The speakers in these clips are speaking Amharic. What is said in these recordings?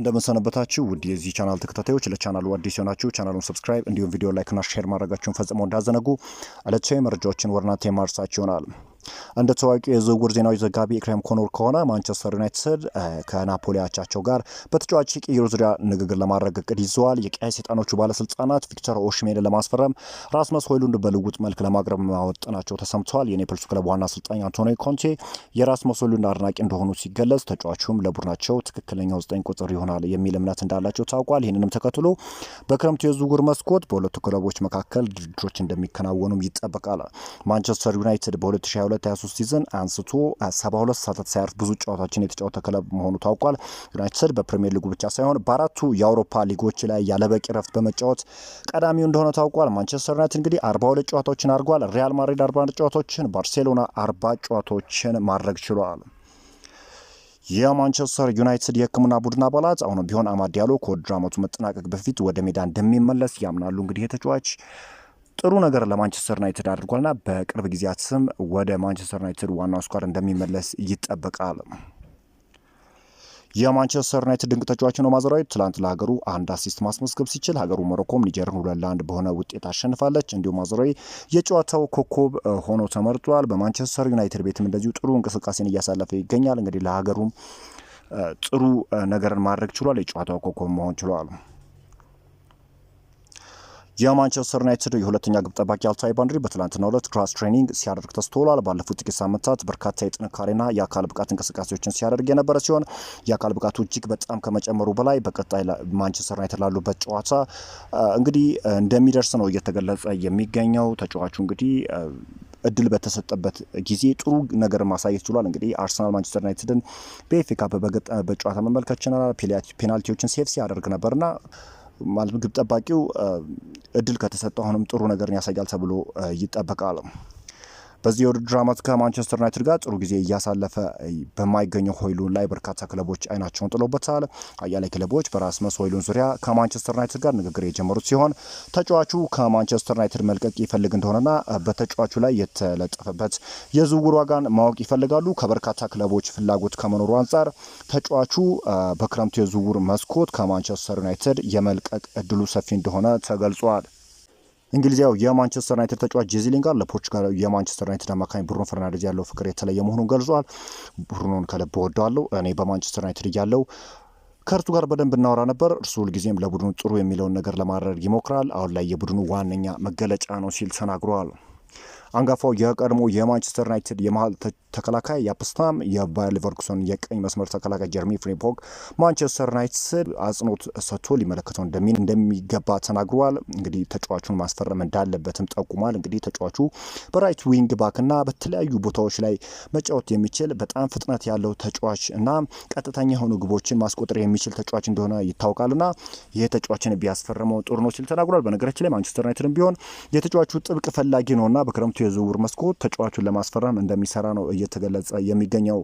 እንደምንሰነበታችሁ ውድ የዚህ ቻናል ተከታታዮች፣ ለቻናሉ አዲስ የሆናችሁ ቻናሉን ሰብስክራይብ እንዲሁም ቪዲዮ ላይክና ሼር ማድረጋችሁን ፈጽሞ እንዳዘነጉ ዕለታዊ መረጃዎችን ወርናት የማርሳችሁ ይሆናል። እንደ ታዋቂው የዝውውር ዜናዎች ዘጋቢ ኢክራም ኮኖር ከሆነ ማንቸስተር ዩናይትድ ከናፖሊ አቻቸው ጋር በተጫዋች ቅይር ዙሪያ ንግግር ለማድረግ እቅድ ይዘዋል። የቀይ ሰይጣኖቹ ባለስልጣናት ቪክተር ኦሽሜን ለማስፈረም ራስመስ ሆይሉንድ በልውጥ መልክ ለማቅረብ ማወጠናቸው ተሰምተዋል። የኔፕልሱ ክለብ ዋና አሰልጣኝ አንቶኒ ኮንቴ የራስመስ ሆይሉንድ አድናቂ እንደሆኑ ሲገለጽ፣ ተጫዋቹም ለቡድናቸው ትክክለኛው ዘጠኝ ቁጥር ይሆናል የሚል እምነት እንዳላቸው ታውቋል። ይህንንም ተከትሎ በክረምቱ የዝውውር መስኮት በሁለቱ ክለቦች መካከል ድርድሮች እንደሚከናወኑም ይጠበቃል። ማንቸስተር ዩናይትድ በ2022 ከ2223 ሲዝን አንስቶ 72 ሰዓታት ሳያርፍ ብዙ ጨዋታዎችን የተጫወተ ክለብ መሆኑ ታውቋል። ዩናይትድ በፕሪሚየር ሊጉ ብቻ ሳይሆን በአራቱ የአውሮፓ ሊጎች ላይ ያለበቂ ረፍት በመጫወት ቀዳሚው እንደሆነ ታውቋል። ማንቸስተር ዩናይትድ እንግዲህ 42 ጨዋታዎችን አድርጓል። ሪያል ማድሪድ 41 ጨዋታዎችን፣ ባርሴሎና 40 ጨዋታዎችን ማድረግ ችሏል። የማንቸስተር ዩናይትድ የሕክምና ቡድን አባላት አሁንም ቢሆን አማድ ዲያሎ ከውድድር ዓመቱ መጠናቀቅ በፊት ወደ ሜዳ እንደሚመለስ ያምናሉ። እንግዲህ የተጫዋች ጥሩ ነገር ለማንቸስተር ዩናይትድ አድርጓልና በቅርብ ጊዜያት ስም ወደ ማንቸስተር ዩናይትድ ዋናው ስኳድ እንደሚመለስ ይጠበቃል። የማንቸስተር ዩናይትድ ድንቅ ተጫዋች ነው ማዘራዊ ትላንት ለሀገሩ አንድ አሲስት ማስመዝገብ ሲችል ሀገሩ ሞሮኮም ኒጀርን ሁለት ለአንድ በሆነ ውጤት አሸንፋለች። እንዲሁም ማዘራዊ የጨዋታው ኮከብ ሆኖ ተመርጧል። በማንቸስተር ዩናይትድ ቤትም እንደዚሁ ጥሩ እንቅስቃሴን እያሳለፈ ይገኛል። እንግዲህ ለሀገሩም ጥሩ ነገርን ማድረግ ችሏል። የጨዋታው ኮከብ መሆን ችሏል። የማንቸስተር ዩናይትድ የሁለተኛ ግብ ጠባቂ አልታይ ባንድሪ በትላንትናው ዕለት ክራስ ትሬኒንግ ሲያደርግ ተስተውሏል። ባለፉት ጥቂት ሳምንታት በርካታ የጥንካሬና የአካል ብቃት እንቅስቃሴዎችን ሲያደርግ የነበረ ሲሆን የአካል ብቃቱ እጅግ በጣም ከመጨመሩ በላይ በቀጣይ ማንቸስተር ዩናይትድ ላሉበት ጨዋታ እንግዲህ እንደሚደርስ ነው እየተገለጸ የሚገኘው። ተጫዋቹ እንግዲህ እድል በተሰጠበት ጊዜ ጥሩ ነገር ማሳየት ችሏል። እንግዲህ አርሰናል ማንቸስተር ዩናይትድን በኤፍኤ ካፕ በገጠመበት ጨዋታ መመልከት ችለናል። ፔናልቲዎችን ሴፍ ሲያደርግ ነበርና ግብ ጠባቂው እድል ከተሰጠ አሁንም ጥሩ ነገርን ያሳያል ተብሎ ይጠበቃል። በዚህ የውድድር ዓመት ከማንቸስተር ዩናይትድ ጋር ጥሩ ጊዜ እያሳለፈ በማይገኘው ሆይሉን ላይ በርካታ ክለቦች አይናቸውን ጥሎበታል። አያሌ ክለቦች በራስመስ ሆይሉን ዙሪያ ከማንቸስተር ዩናይትድ ጋር ንግግር የጀመሩት ሲሆን ተጫዋቹ ከማንቸስተር ዩናይትድ መልቀቅ ይፈልግ እንደሆነና በተጫዋቹ ላይ የተለጠፈበት የዝውውር ዋጋን ማወቅ ይፈልጋሉ። ከበርካታ ክለቦች ፍላጎት ከመኖሩ አንጻር ተጫዋቹ በክረምቱ የዝውውር መስኮት ከማንቸስተር ዩናይትድ የመልቀቅ እድሉ ሰፊ እንደሆነ ተገልጿል። እንግሊዛዊ የማንቸስተር ዩናይትድ ተጫዋች ጄዚ ሊንጋርድ ለፖርቹጋላዊ የማንቸስተር ዩናይትድ አማካኝ ብሩኖ ፈርናንዴዝ ያለው ፍቅር የተለየ መሆኑን ገልጿል። ብሩኖን ከልብ እወደዋለሁ። እኔ በማንቸስተር ዩናይትድ እያለው ከእርሱ ጋር በደንብ እናወራ ነበር። እርሱ ሁልጊዜም ለቡድኑ ጥሩ የሚለውን ነገር ለማድረግ ይሞክራል። አሁን ላይ የቡድኑ ዋነኛ መገለጫ ነው ሲል ተናግሯል። አንጋፋው የቀድሞ የማንቸስተር ዩናይትድ የመሀል ተከላካይ ያፕስታም የባየር ሊቨርኩሰን የቀኝ መስመር ተከላካይ ጀርሚ ፍሪምፖንግ ማንቸስተር ዩናይትድ አጽንኦት ሰጥቶ ሊመለከተው እንደሚገባ ተናግሯል። እንግዲህ ተጫዋቹን ማስፈረም እንዳለበትም ጠቁሟል። እንግዲህ ተጫዋቹ በራይት ዊንግ ባክና በተለያዩ ቦታዎች ላይ መጫወት የሚችል በጣም ፍጥነት ያለው ተጫዋች እና ቀጥተኛ የሆኑ ግቦችን ማስቆጠር የሚችል ተጫዋች እንደሆነ ይታወቃልና ይህ ተጫዋችን ቢያስፈርመው ጥሩ ነው ሲል ተናግሯል። በነገራችን ላይ ማንቸስተር ዩናይትድም ቢሆን የተጫዋቹ ጥብቅ ፈላጊ ነውና በክረምቱ የዝውውር መስኮት ተጫዋቹን ለማስፈረም እንደሚሰራ ነው እየተገለጸ የሚገኘው።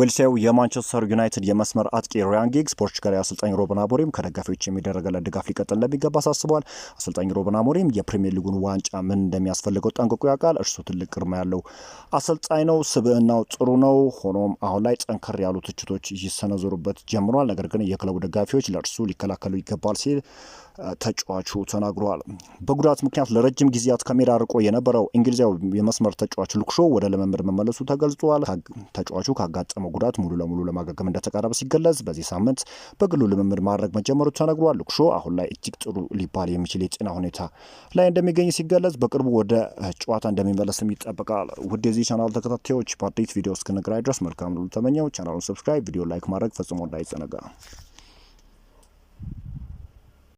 ዌልሴው የማንቸስተር ዩናይትድ የመስመር አጥቂ ራያን ጊግስ ፖርቹጋላዊ አሰልጣኝ ሮብን አሞሪም ከደጋፊዎች የሚደረገለት ድጋፍ ሊቀጥል እንደሚገባ አሳስበዋል። አሰልጣኝ ሮብን አሞሪም የፕሪምየር ሊጉን ዋንጫ ምን እንደሚያስፈልገው ጠንቅቆ ያውቃል። እርሱ ትልቅ ግርማ ያለው አሰልጣኝ ነው። ስብዕናው ጥሩ ነው። ሆኖም አሁን ላይ ጠንከር ያሉ ትችቶች ይሰነዘሩበት ጀምሯል። ነገር ግን የክለቡ ደጋፊዎች ለእርሱ ሊከላከሉ ይገባል ሲል ተጫዋቹ ተናግሯል። በጉዳት ምክንያት ለረጅም ጊዜያት ከሜዳ ርቆ የነበረው እንግሊዛዊ የመስመር ተጫዋች ሉክሾ ወደ ልምምድ መመለሱ ተገልጿል። ተጫዋቹ ካጋጠመ ከገጠመው ጉዳት ሙሉ ለሙሉ ለማገገም እንደተቃረበ ሲገለጽ በዚህ ሳምንት በግሉ ልምምድ ማድረግ መጀመሩ ተነግሯል። ልኩሾ አሁን ላይ እጅግ ጥሩ ሊባል የሚችል የጤና ሁኔታ ላይ እንደሚገኝ ሲገለጽ በቅርቡ ወደ ጨዋታ እንደሚመለስም ይጠበቃል። ውድ የዚህ ቻናል ተከታታዮች በአዲስ ቪዲዮ እስክንገናኝ ድረስ መልካም ሉ ተመኘው። ቻናሉን ሰብስክራይብ፣ ቪዲዮ ላይክ ማድረግ ፈጽሞ እንዳይዘነጋ።